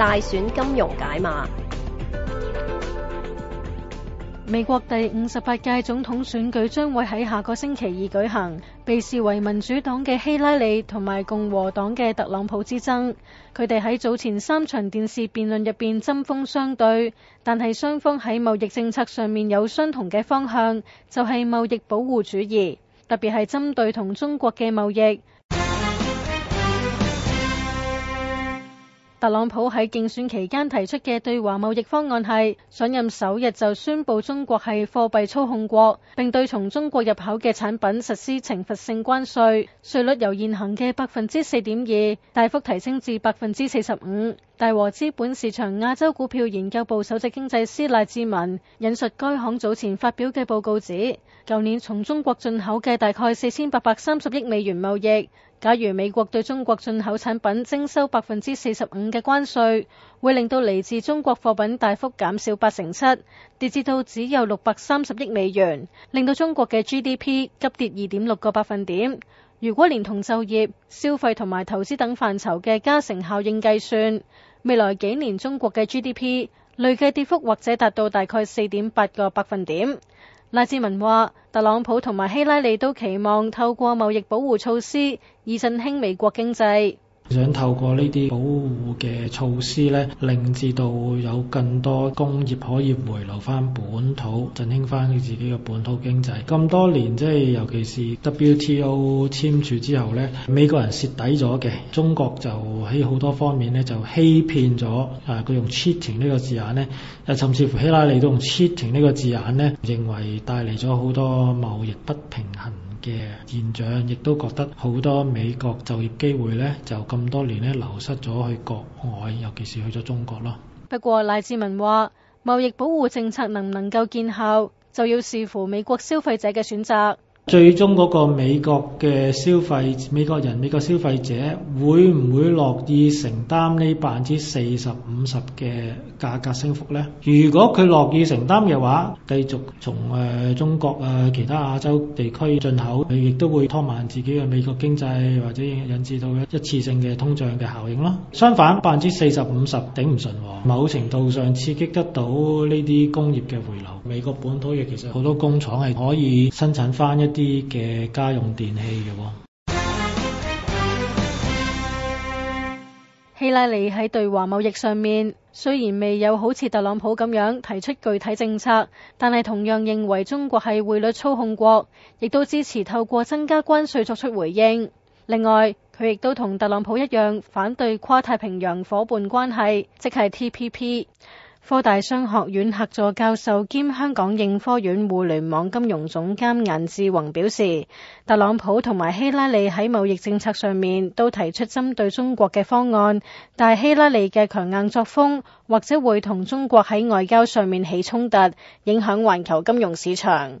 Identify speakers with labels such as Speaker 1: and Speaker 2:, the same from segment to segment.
Speaker 1: 大選金融解碼。美國第五十八屆總統選舉將會喺下個星期二舉行，被視為民主黨嘅希拉莉同埋共和黨嘅特朗普之爭。佢哋喺早前三場電視辯論入面針鋒相對，但係雙方喺貿易政策上面有相同嘅方向，就係貿易保護主義，特別係針對同中國嘅貿易。特朗普喺競選期間提出嘅對華貿易方案係，上任首日就宣布中國係貨幣操控國，並對從中國入口嘅產品實施懲罰性關稅，稅率由現行嘅百分之四點二大幅提升至百分之四十五。大和資本市場亞洲股票研究部首席經濟師賴志文引述該行早前發表嘅報告指，舊年從中國進口嘅大概四千八百三十億美元貿易。假如美國對中國進口產品徵收百分之四十五嘅關稅，會令到嚟自中國貨品大幅減少八成七，跌至到只有六百三十億美元，令到中國嘅 GDP 急跌二點六個百分點。如果連同就業、消費同埋投資等範疇嘅加成效應計算，未來幾年中國嘅 GDP 累計跌幅或者達到大概四點八個百分點。拉志文話，特朗普同埋希拉莉都期望透過貿易保護措施，以振興美國經濟。
Speaker 2: 想透過呢啲保護嘅措施呢，令至到有更多工業可以回流翻本土，振興翻佢自己嘅本土經濟。咁多年即係尤其是 WTO 簽署之後呢，美國人蝕底咗嘅，中國就喺好多方面呢就欺騙咗。誒，佢用 cheating 呢個字眼呢，甚至乎希拉莉都用 cheating 呢個字眼呢，認為帶嚟咗好多貿易不平衡。嘅現象，亦都覺得好多美國就業機會呢，就咁多年流失咗去國外，尤其是去咗中國咯。
Speaker 1: 不過賴志文話：貿易保護政策能唔能夠見效，就要視乎美國消費者嘅選擇。
Speaker 2: 最終嗰個美國嘅消費，美國人、美國消費者會唔會樂意承擔呢百分之四十五十嘅價格升幅呢？如果佢樂意承擔嘅話，繼續從誒中國誒其他亞洲地區進口，佢亦都會拖慢自己嘅美國經濟，或者引引致到一次性嘅通脹嘅效應咯。相反，百分之四十五十頂唔順，某程度上刺激得到呢啲工業嘅回流，美國本土嘅其實好多工廠係可以生產翻一啲。啲嘅家用電器㗎喎。
Speaker 1: 希拉莉喺對華貿易上面，雖然未有好似特朗普咁樣提出具體政策，但係同樣認為中國係匯率操控國，亦都支持透過增加關稅作出回應。另外，佢亦都同特朗普一樣，反對跨太平洋夥伴關係，即係 TPP。科大商學院客座教授兼香港應科院互聯網金融總監顏志宏表示，特朗普同埋希拉里喺貿易政策上面都提出針對中國嘅方案，但希拉里嘅強硬作風或者會同中國喺外交上面起衝突，影響環球金融市場。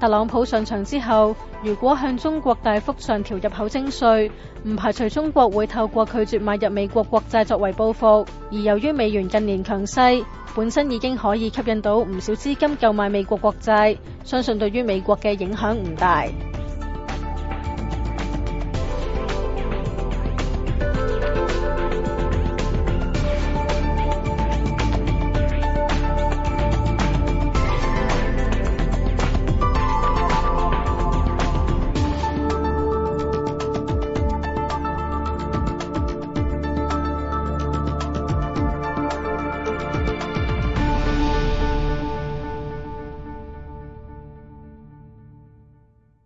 Speaker 1: 特朗普上場之後，如果向中國大幅上調入口徵稅，唔排除中國會透過拒絕買入美國國債作為報復。而由於美元近年強勢，本身已經可以吸引到唔少資金購買美國國債，相信對於美國嘅影響唔大。